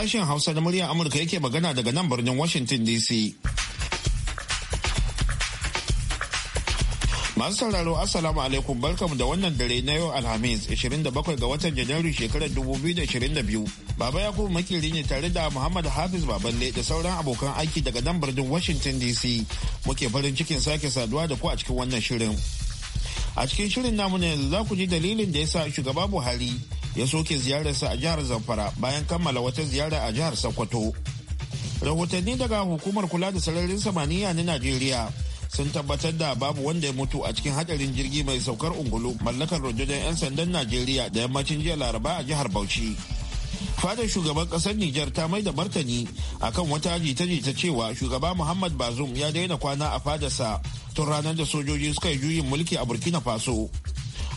sashen Hausa na muryar Amurka yake magana daga nan birnin Washington DC. Masu sauraro Assalamu alaikum barkamu da wannan dare na yau Alhamis 27 ga watan Janairu shekarar 2022. Baba ya kuma makiri ne tare da Muhammad Hafiz Baballe da sauran abokan aiki daga nan birnin Washington DC. Muke farin cikin sake saduwa da ku a cikin wannan shirin. A cikin shirin namu yanzu za ku ji dalilin da ya sa shugaba Buhari ya soke ziyararsa a jihar zamfara bayan kammala wata ziyara a jihar sokoto rahotanni daga hukumar kula da sararin samaniya na najeriya sun tabbatar da babu wanda ya mutu a cikin hadarin jirgi mai saukar ungulu mallakar rundunar 'yan sandan najeriya da yammacin jiya laraba a jihar bauchi fadar shugaban kasar Nijar ta mai da martani akan wata jita-jita cewa shugaba Muhammad Bazoum ya daina kwana a fadarsa tun ranar da sojoji suka yi juyin mulki a Burkina Faso.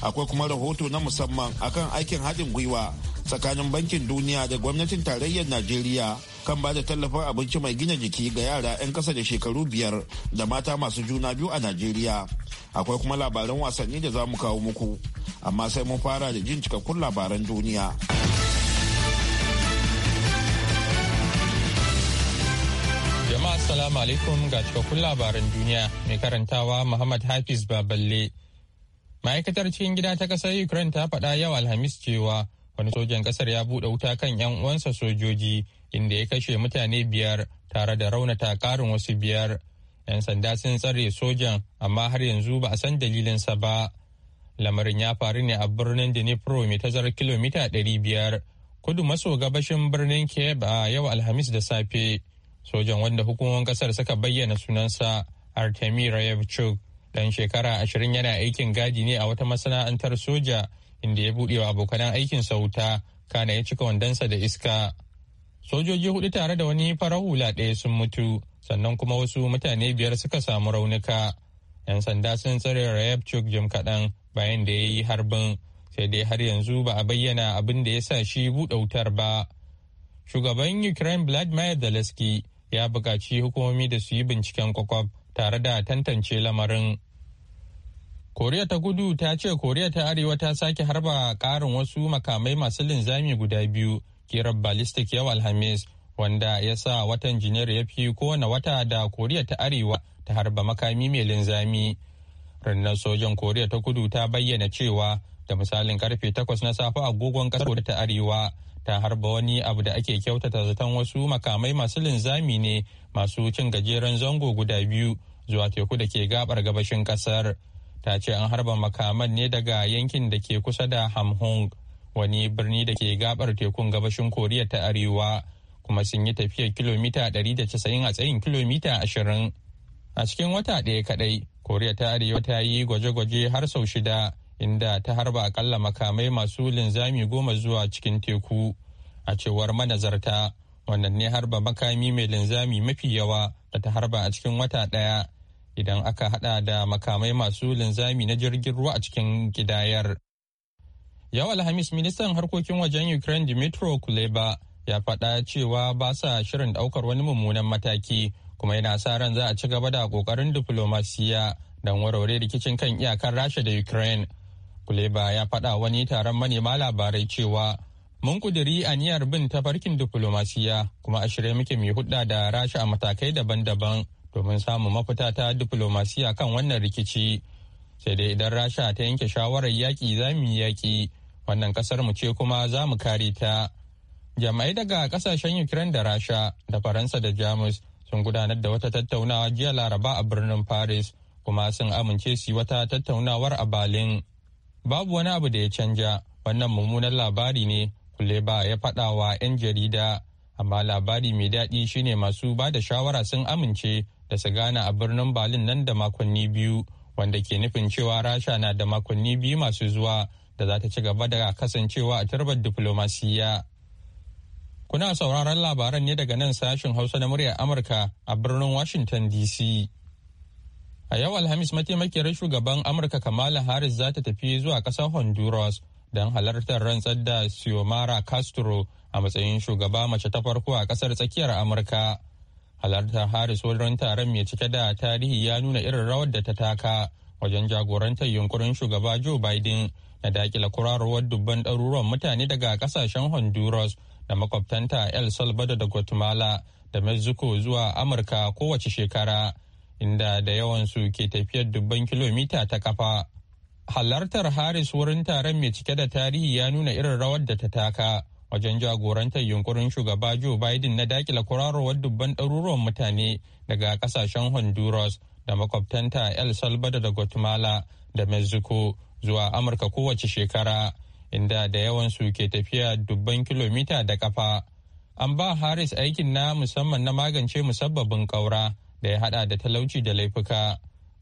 akwai kuma rahoto na musamman akan aikin haɗin gwiwa tsakanin bankin duniya da gwamnatin tarayyar najeriya kan ba da tallafin abinci mai gina jiki ga yara 'yan ƙasa da shekaru biyar da mata masu juna biyu a najeriya akwai kuma labaran wasanni da za mu kawo muku amma sai mun fara da jin cikakkun labaran duniya jama'a assalamu alaikum ga cikakkun labaran duniya mai karantawa muhammad hafiz baballe ma'aikatar cikin gida ta ƙasar ukraine ta faɗa yau alhamis cewa wani sojan ƙasar ya buɗe wuta kan 'yan uwansa sojoji inda ya kashe mutane biyar tare da raunata ƙarin wasu biyar 'yan sanda sun tsare sojan amma har yanzu ba a san dalilinsa ba lamarin ya faru ne a birnin dnipro mai tazar kilomita biyar kudu maso gabashin birnin kiev a yau alhamis da safe sojan wanda hukumomin kasar suka bayyana sunansa artemi rayevchuk dan shekara ashirin yana aikin gadi ne a wata masana'antar soja inda ya buɗe wa abokanan aikinsa wuta kana ya cika wandonsa da iska sojoji hudu tare da wani farar hula ɗaya sun mutu sannan kuma wasu mutane biyar suka samu raunuka yan sanda sun tsare rayab chuk jim kaɗan bayan da ya yi harbin sai dai har yanzu ba a bayyana abin da ya sa shi buɗe wutar ba shugaban ukraine vladimir zelensky ya buƙaci hukumomi da su yi binciken kwakwaf. tare da tantance lamarin koriya ta kudu ta ce koriya ta arewa ta sake harba karin wasu makamai masu linzami guda biyu kirar ballistic yau alhamis wanda ya sa watan janairu ya fi kowane wata da koriya ta arewa ta harba makami mai linzami rannan sojan koriya ta kudu ta bayyana cewa da misalin karfe 8 na safe agogon kasar ta arewa ta harba wani abu da ake kyautata zaton wasu makamai masu linzami ne masu cin gajeren zango guda biyu zuwa teku da ke gabar gabashin kasar ta ce an harba makaman ne daga yankin da ke kusa da hamhung wani birni da ke gabar tekun gabashin koriya ta arewa kuma sun yi tafiyar kilomita 190 a tsayin kilomita 20 a cikin wata ɗaya kadai koriya ta arewa ta yi gwaje-gwaje har sau shida inda ta harba akalla makamai masu linzami goma zuwa cikin teku a cewar manazarta wannan ne harba makami mai linzami mafi yawa da ta harba a cikin wata ɗaya idan aka hada da makamai masu linzami na jirgin ruwa a cikin gidayar. Yau Alhamis ministan harkokin wajen Ukraine dimitro Kuleba ya faɗa cewa ba sa shirin ɗaukar wani mummunan mataki kuma yana sa ran za a ci gaba da ƙoƙarin diflomasiya don warware rikicin kan iyakar Rasha da Ukraine Kuleba ya faɗa wani taron manema labarai cewa mun kuduri aniyar bin tafarkin diflomasiya kuma a shirye muke mai hudda da rasha a matakai daban-daban domin samun mafita ta diflomasiya kan wannan rikici. Sai dai idan rasha ta yanke shawarar yaƙi za mu yi yaƙi wannan ƙasar mu ce kuma za mu kare ta. Jama'ai daga ƙasashen Ukraine da Rasha da Faransa da Jamus sun gudanar da wata tattaunawa jiya laraba a birnin paris kuma sun amince su wata tattaunawar a berlin babu wani abu da ya canja wannan mummunan labari ne kuleba ya faɗa wa 'yan jarida amma labari mai daɗi shine masu ba da shawara sun amince da su gana a birnin berlin nan da makonni biyu wanda ke nufin cewa rasha na da makonni biyu masu zuwa da za ta ci gaba da kasancewa a tarbar diflomasiyya. kuna sauraron labaran ne daga nan sashin hausa na muryar amurka a birnin washington dc A yau Alhamis mataimakiyar shugaban Amurka Kamala Harris za ta tafi zuwa ƙasar Honduras don halartar rantsar da Xiomara Castro a matsayin shugaba mace ta farko a ƙasar tsakiyar Amurka. Halartar Harris wurin taron mai cike da tarihi ya nuna irin rawar da ta taka wajen jagorantar yunkurin shugaba Joe Biden na dakila kurarowar dubban ɗaruruwan mutane daga ƙasashen Honduras da makwabtanta El Salvador da Guatemala da Mexico zuwa Amurka kowace shekara. inda da yawansu ke tafiyar dubban kilomita ta kafa. Halartar Harris wurin taron mai cike da tarihi ya nuna irin rawar da ta taka wajen jagorantar yunkurin shugaba Joe Biden na dakila kurarowar dubban ɗaruruwan mutane daga ƙasashen Honduras da makwabtanta El Salvador da Guatemala da Mexico zuwa Amurka kowace shekara, inda da yawansu ke tafiya dubban kilomita da kafa. An ba Harris aikin na musamman na magance musabbabin ƙaura da ya hada da talauci da laifuka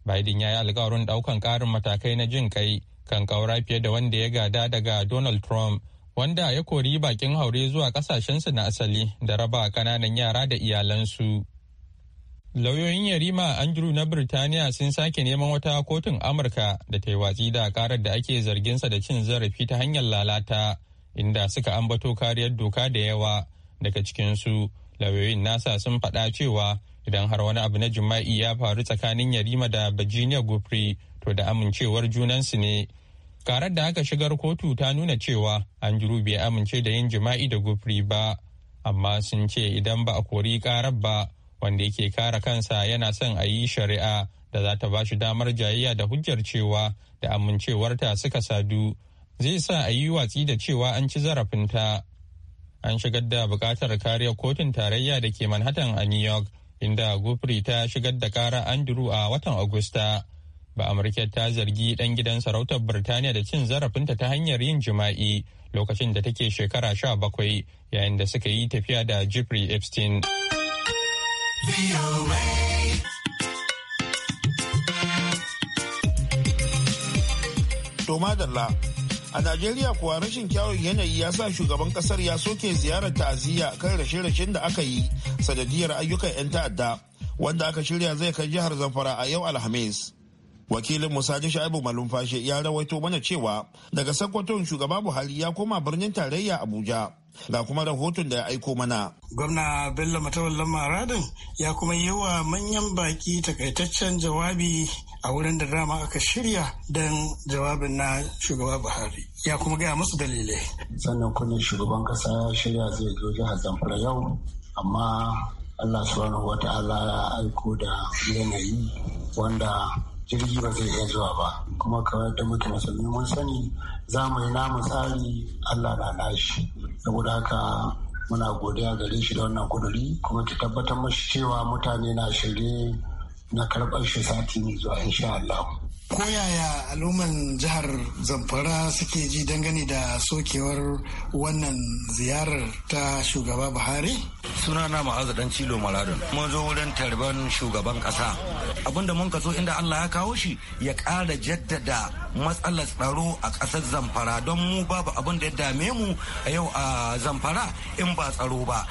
biden ya yi alkawarin daukan karin matakai na jin kai kan kaura fiye da wanda ya gada daga donald trump wanda ya kori bakin haure zuwa kasashensu na asali da raba kananan yara da iyalansu lauyoyin yarima andrew na birtaniya sun sake neman wata kotun amurka da ta yi watsi da karar da ake zarginsa da cin zarafi ta hanyar lalata inda suka ambato kariyar doka da yawa daga cikinsu lauyoyin nasa sun faɗa cewa idan har wani abu na jima'i ya faru tsakanin yarima da virginia gufri to da amincewar junansu ne karar da aka shigar kotu ta nuna cewa an juru bai amince da yin jima'i da gufri ba amma sun ce idan ba a kori karar ba wanda yake kara kansa yana son a yi shari'a da za ta ba shi damar jayayya da hujjar cewa da amincewarta suka sadu zai sa a yi watsi da cewa an ci zarafinta. An shigar da bukatar kariyar kotun tarayya da ke Manhattan a New York inda gofri ta shigar da kara andrew a watan agusta ba amurka ta zargi dan gidan sarautar birtaniya da cin zarafinta ta hanyar yin jima'i lokacin da take shekara sha bakwai yayin da suka yi tafiya da jeffrey epstein to madalla A Najeriya kuwa rashin kyawun yanayi ya sa shugaban kasar ya soke ziyarar ta'aziyya kan rashe-rashen da aka yi sanadiyar ayyukan 'yan ta'adda wanda aka shirya zai kai jihar Zamfara a yau Alhamis. Wakilin Musaji Shaibu Malumfashe ya rawaito mana cewa daga Sokoton shugaba Buhari ya koma birnin tarayya Abuja. Ga kuma rahoton da ya aiko mana. Gwamna Bello Matawallan Maradin ya kuma yi wa manyan baki takaitaccen jawabi a wurin da dama aka shirya don jawabin na shugaba Buhari ya kuma gaya musu dalilai. Sannan kuma shugaban kasa ya shirya zai zo jihar Zamfara yau amma Allah subhanahu wata ta'ala ya aiko da yanayi wanda jirgi ba zai iya zuwa ba kuma kawai da muke musulmi mun sani za mu yi namu tsari Allah na nashi saboda haka muna godiya gare shi da wannan kuduri kuma ki tabbatar mashi cewa mutane na shirye na karɓar shi sati ne zuwa insha Allah. Ko yaya al'umman jihar Zamfara suke ji dangane da sokewar wannan ziyarar ta shugaba Buhari? Suna na ma'azu dan Cilo Maladon. Mun zo wurin tarban shugaban ƙasa. Abinda mun kaso inda Allah ya kawo shi ya ƙara jaddada matsalar tsaro a ƙasar Zamfara don mu babu abin da ya dame mu a yau a Zamfara in ba tsaro ba.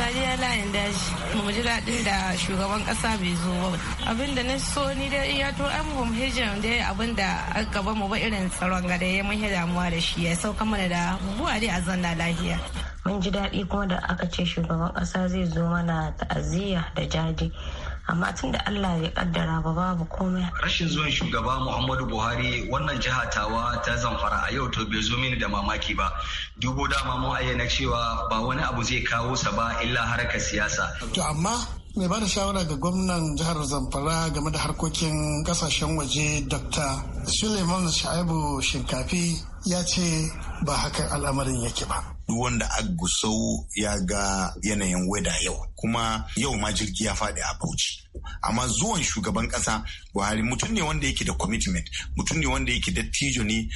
sadiya layin daji mu ji daɗin da shugaban ƙasa bai zo ba abin da na so ni da iya to an mu hijin da abin da a gaba mu ba irin tsaron gada ya eh, mun damuwa da shi ya sauka mana da buwa dai a zanna lahiya mun ji daɗi kuma da aka ce shugaban ƙasa zai zo mana ta'aziyya da jaji amma tun da Allah ya kaddara ba babu komai. Rashin zuwan shugaba Muhammadu Buhari wannan jiha tawa ta zamfara a yau to bai zo mini da mamaki ba. Dubo dama mu ayyana cewa ba wani abu zai kawo sa ba illa harkar siyasa. To amma mai bada shawara ga gwamnan jihar zamfara game da harkokin kasashen waje dr suleiman shaibu shinkafi ya ce ba haka al'amarin yake ba duk wanda agusau ya ga yanayin weda yau kuma yau ma jirgi ya faɗi a bauchi amma zuwan shugaban ƙasa, buhari mutum ne wanda yake da commitment mutum ne wanda yake da tijo ne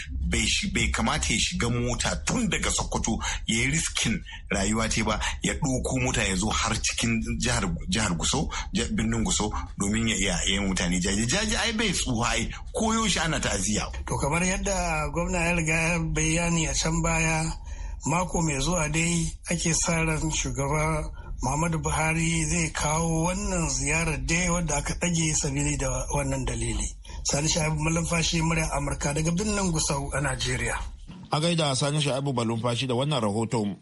bai kamata ya shiga mota tun daga sokoto ya yi riskin rayuwa ce ba ya ɗauko mota ya zo har cikin jihar gusau birnin gusau domin ya iya yin mutane jaji jaji ai bai tsuha ai koyo shi ana ta'aziyya to kamar yadda gwamna ya riga bayani a can baya mako mai zuwa dai ake sa ran shugaba Muhammadu Buhari zai kawo wannan ziyarar dai wadda aka ɗage sabili da wannan dalili. Sani Sha'ibu Malumfashi murya Amurka daga birnin Gusau a Najeriya. A gaida Sani Sha'ibu Malumfashi da wannan rahoton.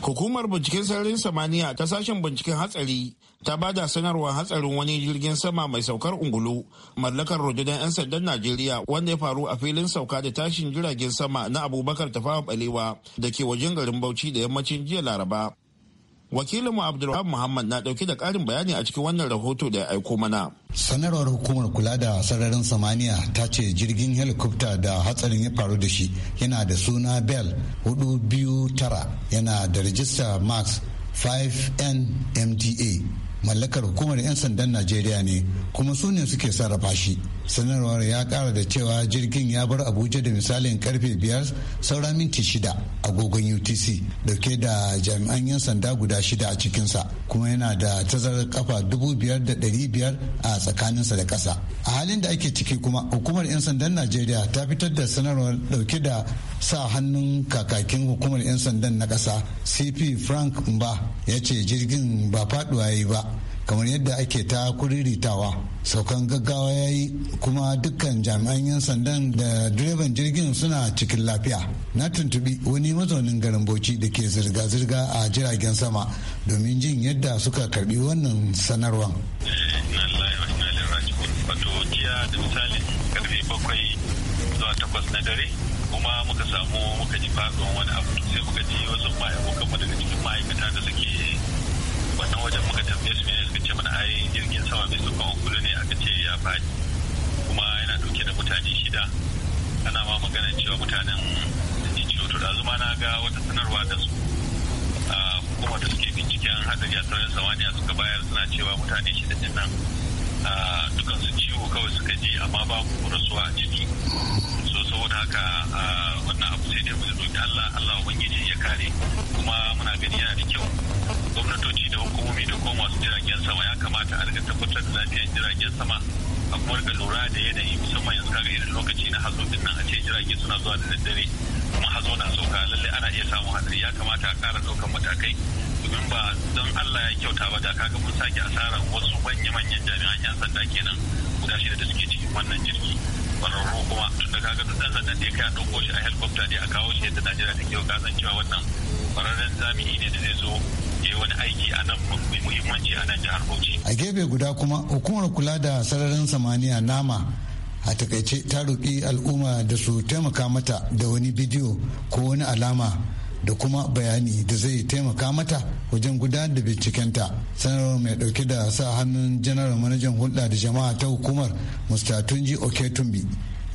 Hukumar binciken sararin samaniya ta sashen binciken hatsari ta ba da sanarwar hatsarin wani jirgin sama mai saukar ungulu mallakar rundunar 'yan sandan Najeriya wanda ya faru a filin sauka da tashin jiragen sama na Abubakar Tafawa Balewa da ke wajen garin Bauchi da yammacin jiya Laraba. wakilinmu abdulwahab muhammad na dauke da karin bayani a cikin wannan rahoto da ya aiko mana sanarwar hukumar kula da sararin samaniya ta ce jirgin helikopta da hatsarin ya faru da shi yana da suna bell 429 yana da rajista max 5 nmda mallakar hukumar 'yan sandan najeriya ne kuma su ne suke sarrafa shi sanarwar ya kara da cewa jirgin ya bar abuja da misalin karfe biyar saura minti shida agogon utc dauke da jami'an 'yan sanda guda shida a cikinsa kuma yana da tazarar kafa dubu biyar da ɗari biyar a tsakaninsa da kasa. a halin da ake ciki kuma hukumar 'yan sandan najeriya ta fitar da sanarwar dauke da sa hannun kakakin hukumar 'yan sandan na kasa cp frank mba ya ce jirgin ba faduwa ya yi ba kamar yadda ake ta kuriritawa saukan gaggawa ya yi kuma dukkan jami'an 'yan sandan da direban jirgin suna cikin lafiya na tuntubi wani mazaunin garin bauchi da ke zirga-zirga a jiragen sama domin jin yadda suka karbi wannan sanarwan da bakwai zuwa na dare kuma muka samu muka ji faɗin wani abu sai muka ji wasu ma'aikatan daga cikin ma'aikata da suke wannan wajen muka tambaye su ne suka ce mana ai jirgin sama mai sukan kulu ne aka ce ya faɗi kuma yana ɗauke da mutane shida ana ma magana cewa mutanen da ke ciwo to zuma na ga wata sanarwa da su hukumar da suke binciken hadari a sauran samaniya suka bayar suna cewa mutane shida din nan dukansu ciwo kawai suka je amma babu rasuwa a ciki saboda haka ah, wannan abu sai dai mu roƙi Allah Allah ubangiji ya kare kuma muna gani yana da kyau gwamnatoci da hukumomi da kuma masu jiragen sama ya kamata a riga tabbatar da lafiyar jiragen sama a kuma riga lura da yanayi musamman yanzu kaga irin lokaci na hazo din nan a ce jirage suna zuwa da daddare kuma hazo na sauka lalle ana iya samun hatsari ya kamata a kara ɗaukan matakai domin ba don Allah ya kyauta ba da kaga mun sake asarar wasu manya-manyan jami'an 'yan sanda kenan guda shida da suke cikin wannan jirgi kwararru kuma tunda kaga duk dan da ya kai a shi a helicopter ne a kawo shi yadda Najeriya take yau kasan cewa wannan kwararren jami'i ne da zai zo ya wani aiki a nan mai muhimmanci a nan jihar Bauchi. A gefe guda kuma hukumar kula da sararin samaniya nama a takaice ta roƙi al'umma da su taimaka mata da wani bidiyo ko wani alama da kuma bayani da zai taimaka mata wajen gudanar da bincikenta sanarwar mai dauke da sa hannun janar manajan hulɗa da jama'a ta hukumar tunji oketumbi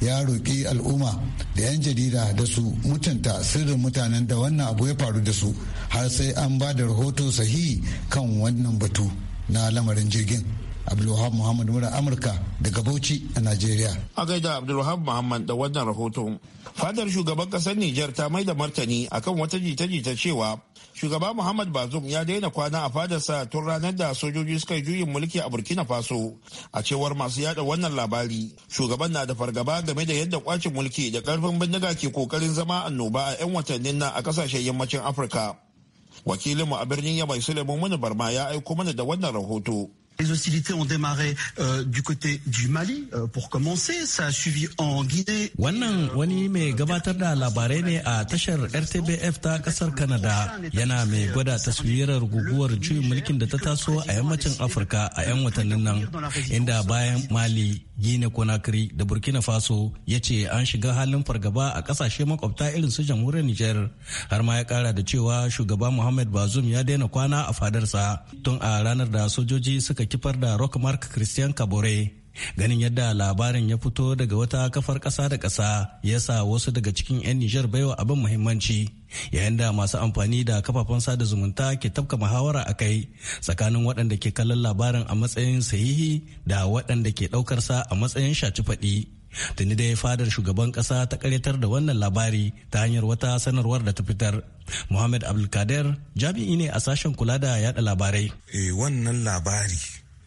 ya roƙi al'umma da 'yan jarida da su mutunta sirrin mutanen da wannan abu ya faru da su har sai an ba da rahoto sahihi kan wannan batu na lamarin jirgin. abdulwahab muhammad mura amurka daga bauchi a najeriya a gaida abdulwahab muhammad da wannan rahoton fadar shugaban kasar nijar ta mai da martani akan wata jita-jita cewa shugaba muhammad bazum ya daina kwana a fadarsa tun ranar da sojoji suka yi juyin mulki a burkina faso a cewar masu yada wannan labari shugaban na da fargaba game da yadda kwacin mulki da karfin bindiga ke kokarin zama annoba a 'yan watannin nan a kasashen yammacin afirka wakilinmu a birnin yamai suleiman muni barma ya aiko mana da wannan rahoto Les hostilités ont démarré euh, du côté du Mali euh, pour commencer, ça a suivi en Guinée. Wannan euh, wani mai gabatar da labarai ne a tashar RTBF ta kasar Canada yana mai gwada taswirar guguwar juyin mulkin da ta taso a yammacin Afirka a 'yan watannin nan inda bayan Mali, Guinea Conakry da Burkina Faso ya ce an shiga halin fargaba a kasashe makwabta irin su jamhuriyar niger har ma ya kara da cewa shugaba Muhammad Bazoum ya daina kwana a fadarsa tun a ranar da sojoji suka kifar da rock mark christian kabore ganin yadda labarin ya fito daga wata kafar kasa da kasa ya sa wasu daga cikin 'yan nijar baiwa abin muhimmanci yayin da masu amfani da kafafen sada zumunta ke tafka muhawara a kai tsakanin waɗanda ke kallon labarin a matsayin sahihi da waɗanda ke ɗaukarsa a matsayin shaci faɗi tuni ya fadar shugaban kasa ta karyatar da wannan labari ta hanyar wata sanarwar da ta fitar muhammad abdulkader jami'i ne a sashen kula da yada labarai eh, wannan labari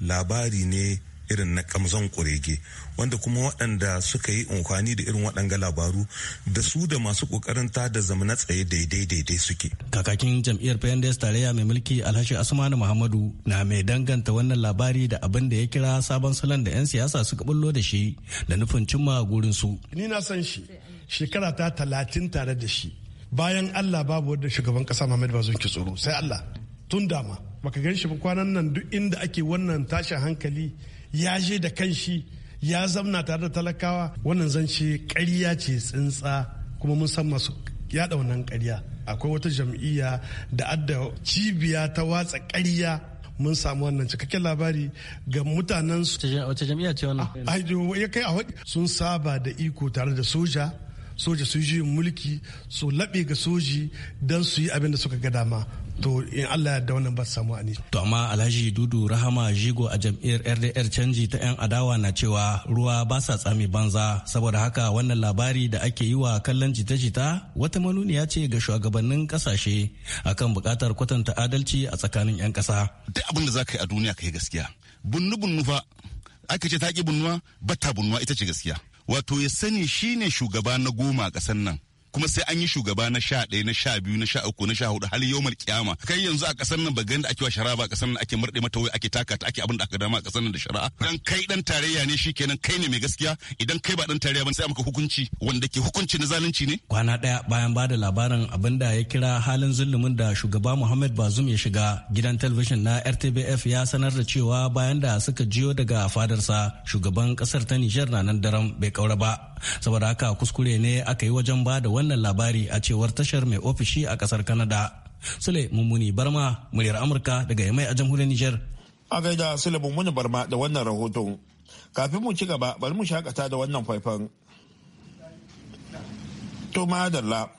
labari ne irin na kamzon kurege wanda kuma waɗanda suka yi unkwani da irin waɗanga labaru da su da masu ƙoƙarin ta da zama na tsaye daidai daidai suke. Kakakin jam'iyyar PNDS tarayya mai mulki Alhaji Asmanu Muhammadu na mai danganta wannan labari da abin da ya kira sabon salon da 'yan siyasa suka bullo da shi da nufin cimma gurin su. Ni na san shi shekara ta talatin tare da shi bayan Allah babu wadda shugaban ƙasa muhammadu Bazoum ki tsoro sai Allah tun dama baka gan shi ba kwanan nan duk inda ake wannan tashin hankali ya je da kanshi ya zamna tare da talakawa wannan zance karya ce tsintsa kuma mun san masu yada wannan karya akwai wata jam'iyya da adda cibiya ta watsa karya mun samu wannan cikakken labari ga mutanen su wace jam'iyya ce wannan ah, sun saba da iko tare da soja soja su yi mulki su laɓe ga soji don su yi abin da suka ga dama to in Allah da wannan ba samu ani to amma Alhaji Dudu Rahama Jigo a jam'iyyar RDR canji ta yan adawa na cewa ruwa ba sa tsami banza saboda haka wannan labari da ake yi wa kallon jita-jita wata manuniya ce ga shugabannin kasashe akan bukatar kwatanta adalci a tsakanin yan kasa duk abin da ka yi a duniya ka yi gaskiya bunnu-bunnu fa aka ce ta ki bunnuwa batta bunnuwa ita ce gaskiya wato ya sani shine shugaba na goma a ƙasar nan kuma sai an yi shugaba na sha ɗaya na sha biyu na sha uku na sha hudu hali yau mal kiyama kai yanzu a kasar nan bagan da ake wa shari'a ba nan ake murɗe mata wai ake taka ta ake abin da aka dama a kasar nan da shari'a dan kai dan tarayya ne shikenan kai ne mai gaskiya idan kai ba dan tarayya ba sai maka hukunci wanda ke hukunci na zalunci ne kwana ɗaya bayan ba da labarin abin da ya kira halin zulumin da shugaba Muhammad Bazum ya shiga gidan talabijin na RTBF ya sanar da cewa bayan da suka jiyo daga fadarsa shugaban kasar ta Nijar na nan daram bai kaura ba saboda haka kuskure ne aka yi wajen bada wannan labari a cewar tashar mai ofishi a kasar kanada Sule Mummuni Barma, muryar Amurka daga Yamai a jamhuriyar Nijar. A gaida Sule Mummuni Barma da wannan rahoton. Kafin mu ci gaba, bari mu shakata da wannan faifan. To madalla.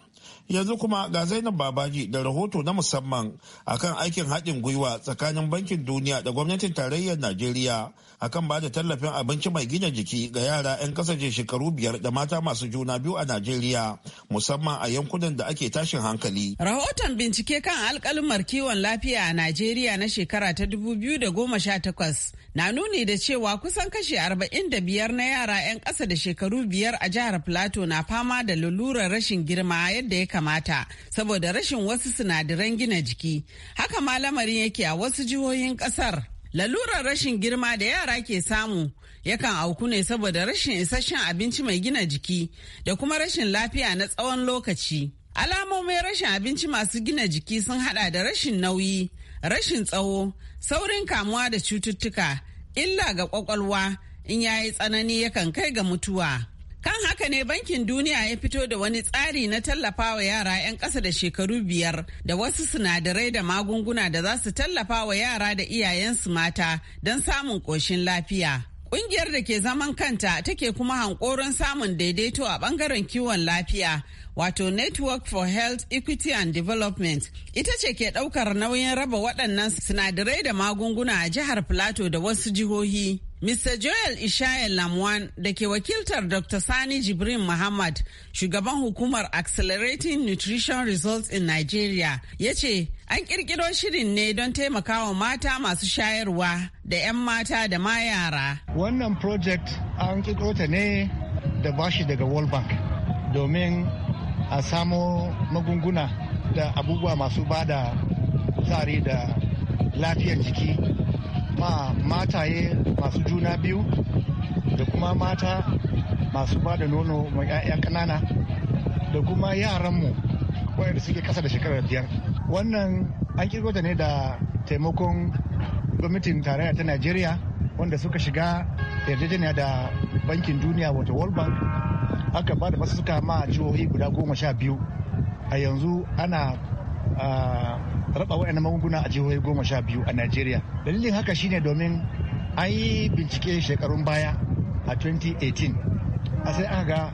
yanzu kuma ga zainab babaji da rahoto na musamman akan aikin haɗin gwiwa tsakanin bankin duniya da gwamnatin tarayyar najeriya akan ba da tallafin abinci mai gina jiki ga yara 'yan kasashe shekaru biyar da mata masu juna biyu a najeriya musamman a yankunan da ake tashin hankali rahoton bincike kan alkalumar kiwon lafiya a najeriya na shekara ta da goma sha 2018 na nuni da cewa kusan kashe arba'in da biyar na yara 'yan ƙasa da shekaru biyar a jihar plateau na fama da lalurar rashin girma yadda ya kamata saboda rashin wasu sinadaran gina jiki. Haka ma lamarin yake a wasu jihohin kasar. Lalurar rashin girma da yara ke samu yakan auku ne saboda rashin isasshen abinci mai gina jiki da kuma rashin lafiya na tsawon lokaci. Alamomin rashin abinci masu gina jiki sun hada da rashin nauyi, rashin tsawo, saurin kamuwa da cututtuka, illa ga kwakwalwa in yayi tsanani yakan kai ga mutuwa. Kan haka ne Bankin Duniya ya fito da wani tsari na tallafa wa yara 'yan ƙasa da shekaru biyar da wasu sinadarai da magunguna da za su tallafa wa yara da iyayensu mata don samun ƙoshin lafiya. Ƙungiyar da ke zaman kanta take kuma hankoron samun daidaito a bangaren kiwon lafiya, wato Network for Health Equity and Development, ita ce ke ɗaukar nauyin raba waɗannan sinadarai da magunguna a jihar Plateau da wasu jihohi. Mr. Joel ishaya Lamwan da ke wakiltar Dr. Sani Jibrin Muhammad, shugaban hukumar Accelerating Nutrition Results in Nigeria, ya ce an kirkiro shirin ne don taimakawa mata masu shayarwa da 'yan mata da ma yara. Wannan project an kirkiro ta ne da bashi daga World Bank domin a samo magunguna da abubuwa masu bada tsari da lafiyar jiki ma mataye masu juna biyu da kuma mata masu ba da nono mai 'ya'ya ƙanana da kuma yaranmu waɗanda suke kasa da shekarar biyar wannan an kirgota ne da taimakon gwamnatin tarayya ta najeriya wanda suka shiga yarjejeniya da bankin duniya wato world bank aka ba da suka ma jihohi guda goma sha biyu a yanzu ana a raba wa'annan magunguna a jihohi goma sha biyu a Najeriya. Dalilin haka shine domin an yi bincike shekarun baya a 2018 a sai aka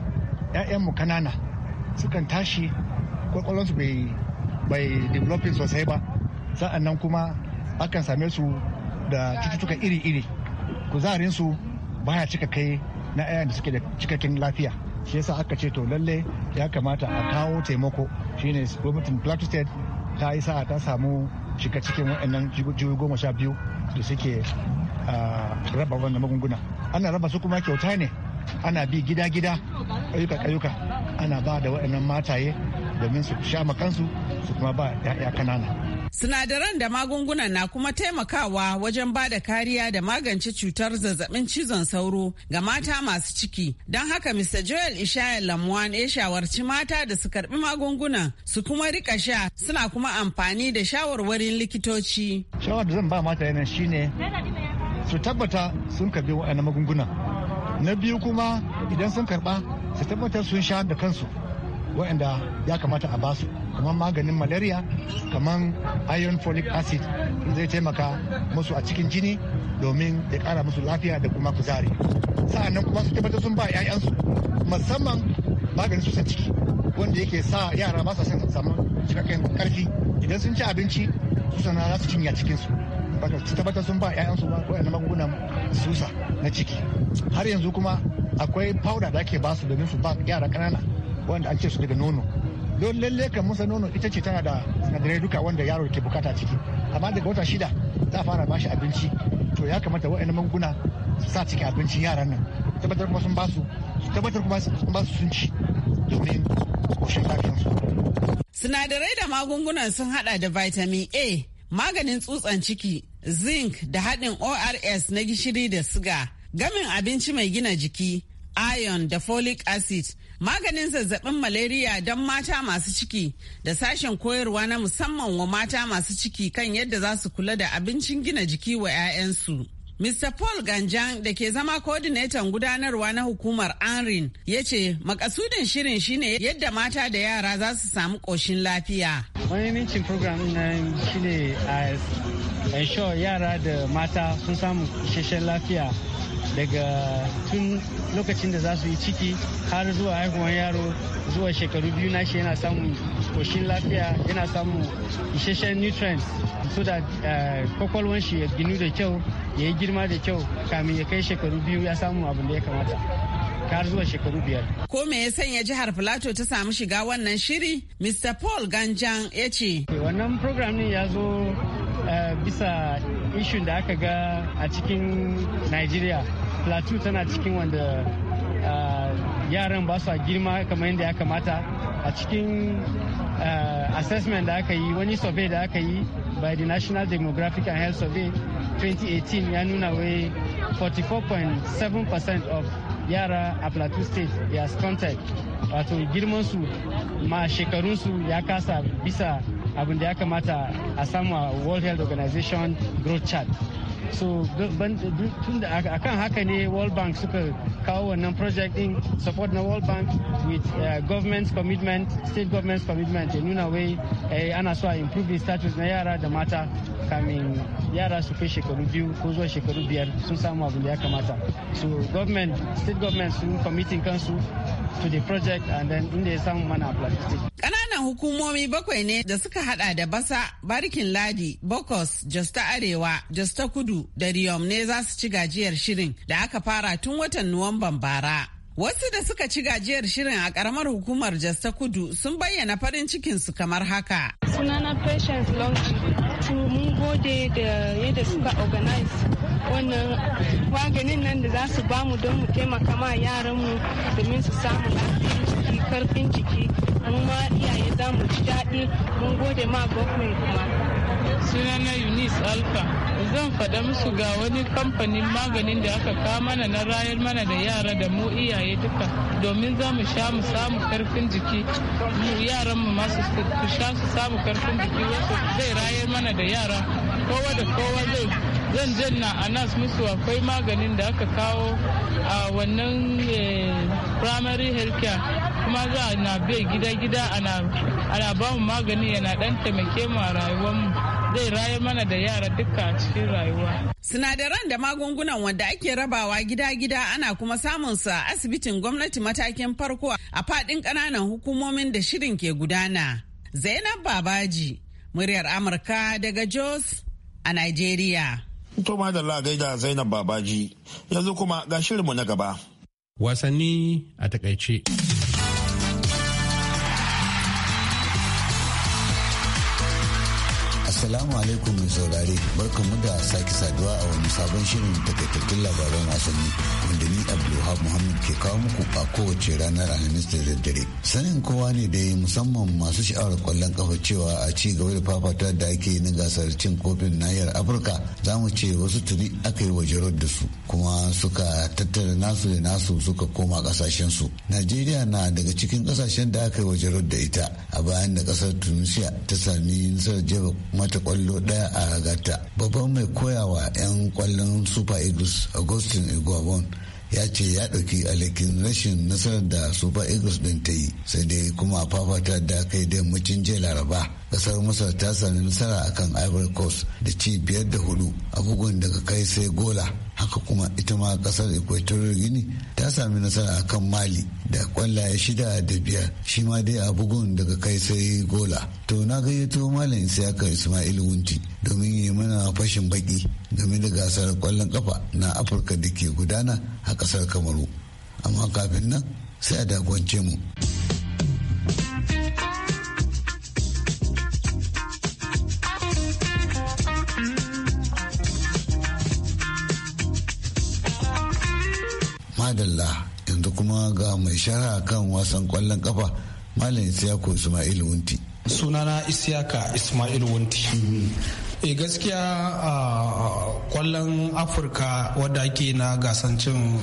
ga mu kanana sukan tashi kwakwalonsu bai bai developing sosai ba sa'an nan kuma akan same su da cututtuka iri-iri kuzarinsu baya cika kai na 'ya'yan da suke da cikakken lafiya shi yasa aka ce to lalle ya kamata a kawo taimako shine gwamnatin plateau state ta yi sa'a ta samu shiga cikin waɗannan jihohi goma sha biyu da suke raba wannan magunguna ana raba su kuma kyauta ne ana bi gida-gida ayyuka-ayyuka ana ba da waɗannan mataye domin su sha makansu su kuma ba 'ya'ya kanana Sinadaran da magungunan na kuma taimakawa wajen ba da kariya da magance cutar zazzabin cizon sauro ga mata masu ciki. Don haka Mr. Joel ishayar Lamuan ya shawarci mata da su karbi magungunan su kuma rika sha suna kuma amfani da shawarwarin likitoci. Shawar da zan ba mata yana shine su tabbata sun karbi wa'ana magunguna. Na biyu kuma idan sun karba su tabbata sun sha da kansu. waɗanda ya kamata a basu kamar maganin malaria kamar iron folic acid zai taimaka musu a cikin jini domin ya ƙara musu lafiya da kuma kuzari sa'annan kuma su tabbatar sun ba 'ya'yansu musamman maganin susan ciki wanda yake sa yara ba sa son samu cikakken karfi idan sun ci abinci sana za su cinya cikinsu baka su tabbatar sun ba 'ya'yansu waɗannan magungunan susa na ciki har yanzu kuma akwai powder da ake basu domin su ba yara ƙanana wanda an ce su daga nono don lalle kan musa nono ita ce tana da sinadarai duka wanda yaro ke bukata ciki amma daga wata shida za a fara ba shi abinci to ya kamata wa'annan manguna su sa cikin abincin yaran nan tabbatar kuma sun basu tabbatar kuma sun basu sun ci domin koshin su sinadarai da magungunan sun hada da vitamin a maganin tsutsan ciki zinc da haɗin ors na gishiri da siga gamin abinci mai gina jiki iron da folic acid maganin zazzabin malaria don mata masu ciki da sashen koyarwa na musamman wa mata masu ciki kan yadda za su kula da abincin gina jiki wa 'ya'yansu. Mr. Paul Ganjan da ke zama kodinetan gudanarwa na hukumar ANRIN ya ce makasudin shirin shine yadda mata da yara za su samu ƙoshin lafiya. Mahimmancin program nan shine a ensure yara da mata sun samu isasshen lafiya daga tun lokacin da za su yi ciki har zuwa haihuwar yaro zuwa shekaru biyu na shi yana samun koshin lafiya yana samun isasshen nutrients so da eh, kwakwalwan shi ya ginu da kyau ya yi girma da kyau kamin ya kai shekaru biyu ya samu abin da ya kamata har zuwa shekaru biyar. Ko me ya sanya jihar Filato ta samu shiga wannan shiri? Mr. Paul Ganjan ya ce. Wannan program ne ya zo eh, bisa ishun da aka ga a cikin Nigeria. plateau tana cikin wanda ah, yaran ba su girma kamar yadda ya kamata a cikin ah, assessment da aka yi wani survey da aka yi by the national demographic and health survey 2018 ya nuna wai 44.7% of yara a plateau state ya stunted wato girmansu ma shekarunsu ya kasa bisa abin da ya kamata a samu a world health organization growth chart so tun da akan haka ne world bank suka kawo wannan project din support na world bank with uh, government commitment state government commitment ya nuna wai eh, ana so a improve status na yara da mata kamin yara su kai shekaru biyu ko zuwa shekaru biyar sun samu abin da ya kamata so government state government sun committing kansu to the project and then inda ya samu mana plastic. Ƙananan hukumomi bakwai ne da suka hada da Basa, Barikin Ladi, Bokos, Josta Arewa, Josta Kudu da Riyom ne za su ci gajiyar shirin da aka fara tun watan Nuwamban bara. Wasu da suka ci gajiyar shirin a karamar hukumar Jasta Kudu sun bayyana farin cikinsu kamar haka. Sunana Patience to mun gode da yadda suka organize wannan maganin nan da za su bamu don mu taimaka ma yaranmu domin su samu lafiyar jiki karfin jiki mu ma iyaye za mu ji daɗi mun gode ma gwamnati kuma suna na unis alfa zan faɗa musu ga wani kamfanin maganin da aka kawo mana na rayar mana da yara da mu iyaye duka domin za mu sha mu samu karfin jiki mu yaran mu masu su sha su samu karfin jiki wasu zai rayar mana da yara kowa da kowa zai zan janna a nas musu akwai maganin da aka kawo a wannan eh, primary healthcare kuma za a na bai gida-gida ana ba mu magani yana dan taimake mu a rayuwarmu zai rayar mana da yara duka a cikin rayuwa. Sinadaran da magungunan wanda ake rabawa gida-gida ana kuma samun a asibitin gwamnati matakin farko a fadin ƙananan hukumomin da shirin ke gudana. Zainab Babaji, muryar Amurka daga Jos a Nigeria. To da gaida Zainab Babaji yanzu kuma ga shirinmu na gaba. Wasanni a takaice. Assalamu alaikum mai saurare barkanmu da sake saduwa a wani sabon shirin takaitattun labaran wasanni wanda ni Abdulhab Muhammad ke kawo muku a kowace ranar Alhamis da daddare. Sanin kowa ne da musamman masu sha'awar kwallon kafa cewa a ci gaba da fafata da ake yi na gasar cin kofin nahiyar Afirka za mu ce wasu tuni aka yi wajerar da su kuma suka tattara nasu da nasu suka koma kasashen su. Najeriya na daga cikin kasashen da aka yi wajerar da ita a bayan da kasar Tunisia ta sami nasarar jefa mata kwallo daya a ragata babban mai koyawa 'yan kwallon super eagles augustin igobon ya ce ya ɗauki alhakin rashin nasarar da super eagles din ta yi sai dai kuma fafata da kai da mucin jiya laraba ƙasar masar ta sami nasara akan ivory coast da ci biyar da hudu a bugun daga kai sai gola haka kuma ita ma ƙasar equatorial guinea ta sami nasara akan mali da kwallaye shida da biyar shi ma dai a bugun daga kai sai gola to na gayyato malam isiyaka ismail wunti domin yi mana fashin baki domin da gasar kwallon kafa na afirka da ke gudana a kasar kamaru amma kafin nan sai a dagwance mu madalla yanzu kuma ga mai shara kan wasan kwallon kafa malam ko ismail wunti sunana isiyaka ismail wunti mm-hmm. e gaskiya a kwallon afirka wadda ake na cin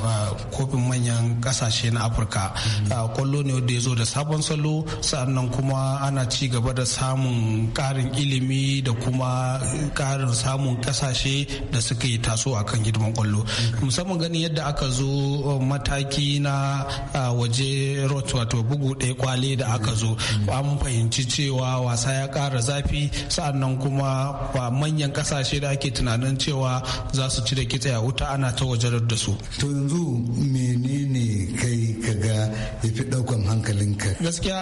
kofin manyan kasashe na afirka mm-hmm. kwallo ne wadda ya zo da sabon salo sannan kuma ana ci gaba da samun karin ilimi da kuma karin samun kasashe da suka yi taso a kan girman kwallo mm-hmm. musamman ganin yadda aka zo mataki na waje wato bugu ɗaya kwale da aka zo mm-hmm. an fahimci cewa wasa ya ƙara zafi sa'annan kuma manyan kasashe da ake tunanin cewa za su ci da kitse a wuta ana ta wajarar da su to yanzu mene ya fi daukan hankalinka gaskiya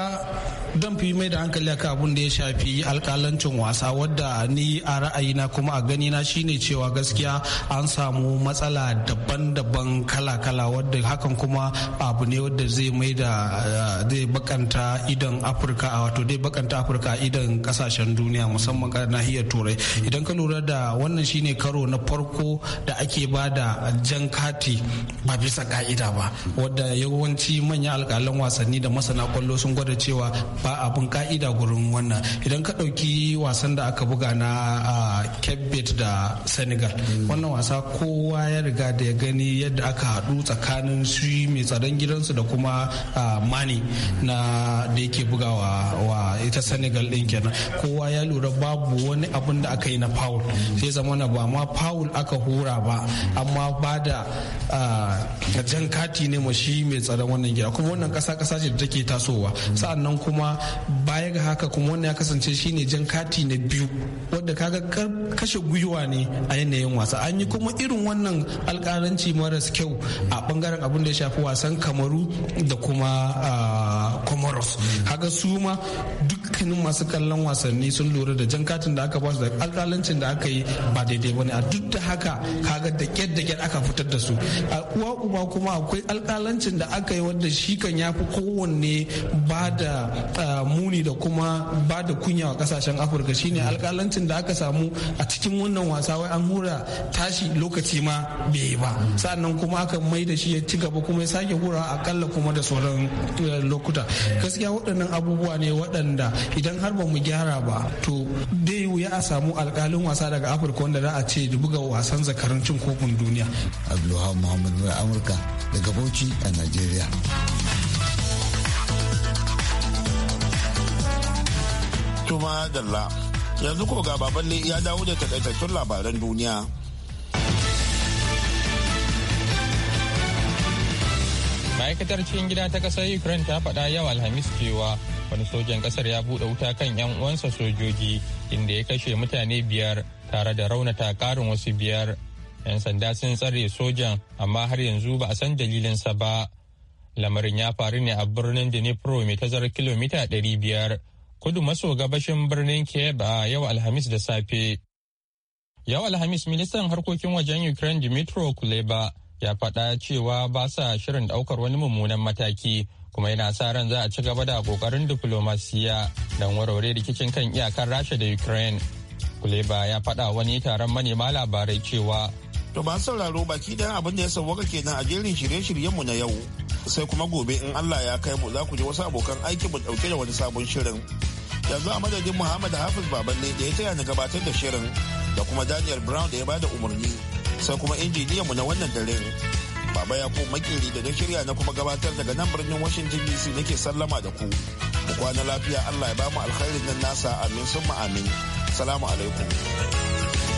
dan fi mai da hankali akan abun da ya shafi alkalancin wasa wadda ni a ra'ayina kuma a gani na shine cewa gaskiya an samu matsala daban-daban kala-kala wadda hakan kuma abu ne wadda zai mai da eh, zai bakanta idan afirka a wato dai bakanta afirka idan kasashen duniya musamman nahiyar turai idan ka lura da wannan shine karo na farko da ake ba da jan kati ba bisa ka'ida ba wadda yawanci manyan alkalan wasanni da masana kwallo sun gwada cewa ba abun ka'ida gurin wannan idan ka ɗauki wasan da aka buga na kebbet da senegal hmm. wannan wasa kowa ya riga da ya gani yadda aka haɗu tsakanin su mai tsaron gidansu da kuma mani na da yake bugawa wa ita senegal ɗin kenan kowa ya lura babu wani abun da aka yi na foul sai zama na ba ma foul aka hura ba amma ba da jan kati ne ma shi mai tsaron wannan gida kuma wannan kasa kasa ce da take tasowa sa'annan kuma baya ga haka kuma wannan ya kasance shine jan kati na biyu wadda kaga kashe gwiwa ne a yanayin wasa an yi kuma irin wannan alkalanci maras kyau a bangaren abin da ya shafi wasan kamaru da kuma comoros haka su ma dukkanin masu kallon wasanni sun lura da jan katin da aka ba su da alkalancin da aka yi ba daidai bane a duk da haka kaga da ƙyar da aka fitar da su a uwa uba kuma akwai alkalancin da aka yi wanda shi kan hakan ya fi kowanne ba da eh, muni da kuma ba da kunya wa kasashen afirka shine alkalancin da aka samu a cikin wannan wasa wai an hura tashi lokaci ma bai ba sannan kuma aka mai da shi ya ci gaba kuma ya sake hura akalla kuma da sauran eh, lokuta gaskiya waɗannan abubuwa ne waɗanda idan har ba mu gyara ba to dai wuya a samu alkalin wasa daga afirka wanda za a ce buga wasan zakarun cin kofin duniya abdulhamu muhammad amurka daga bauchi a najeriya kuma Dalla. Yanzu ko ga baban ne ya dawo da takaitattun labaran duniya. Ma'aikatar cikin gida ta kasar Ukraine ta faɗa yau Alhamis cewa wani sojan ƙasar ya buɗe wuta kan 'yan uwansa sojoji inda ya kashe mutane biyar tare da raunata ƙarin wasu biyar. 'Yan sanda sun tsare sojan amma har yanzu ba a san dalilinsa ba. lamarin ya faru ne a birnin dnipro mai tazarar kilomita 500 kudu maso gabashin birnin Kiev a yau Alhamis da safe. Yau Alhamis ministan harkokin wajen Ukraine Dmitry Kuleba ya faɗa cewa ba sa shirin ɗaukar wani mummunan mataki kuma yana sa ran za a ci gaba da ƙoƙarin diflomasiya don warware rikicin kan iyakar Rasha da Ukraine. Kuleba ya faɗa wani taron manema labarai cewa To ba sauraro baki dan abin da ya sauwaka kenan a jerin shirye-shiryenmu na yau. Sai kuma gobe in Allah ya kai mu za ku ji wasu abokan aiki mu dauke da wani sabon shirin. Yanzu a madadin Muhammad Hafiz babanne da ya taya ni gabatar da shirin da kuma Daniel Brown da ya bada umarni. Sai kuma injiniyan mu na wannan dare. Baba ya ku makeri da na shirya na kuma gabatar daga nan birnin Washington DC nake sallama da ku. Ku kwana lafiya Allah ya bamu alkhairin nan nasa amin sun amin. Salamu alaikum.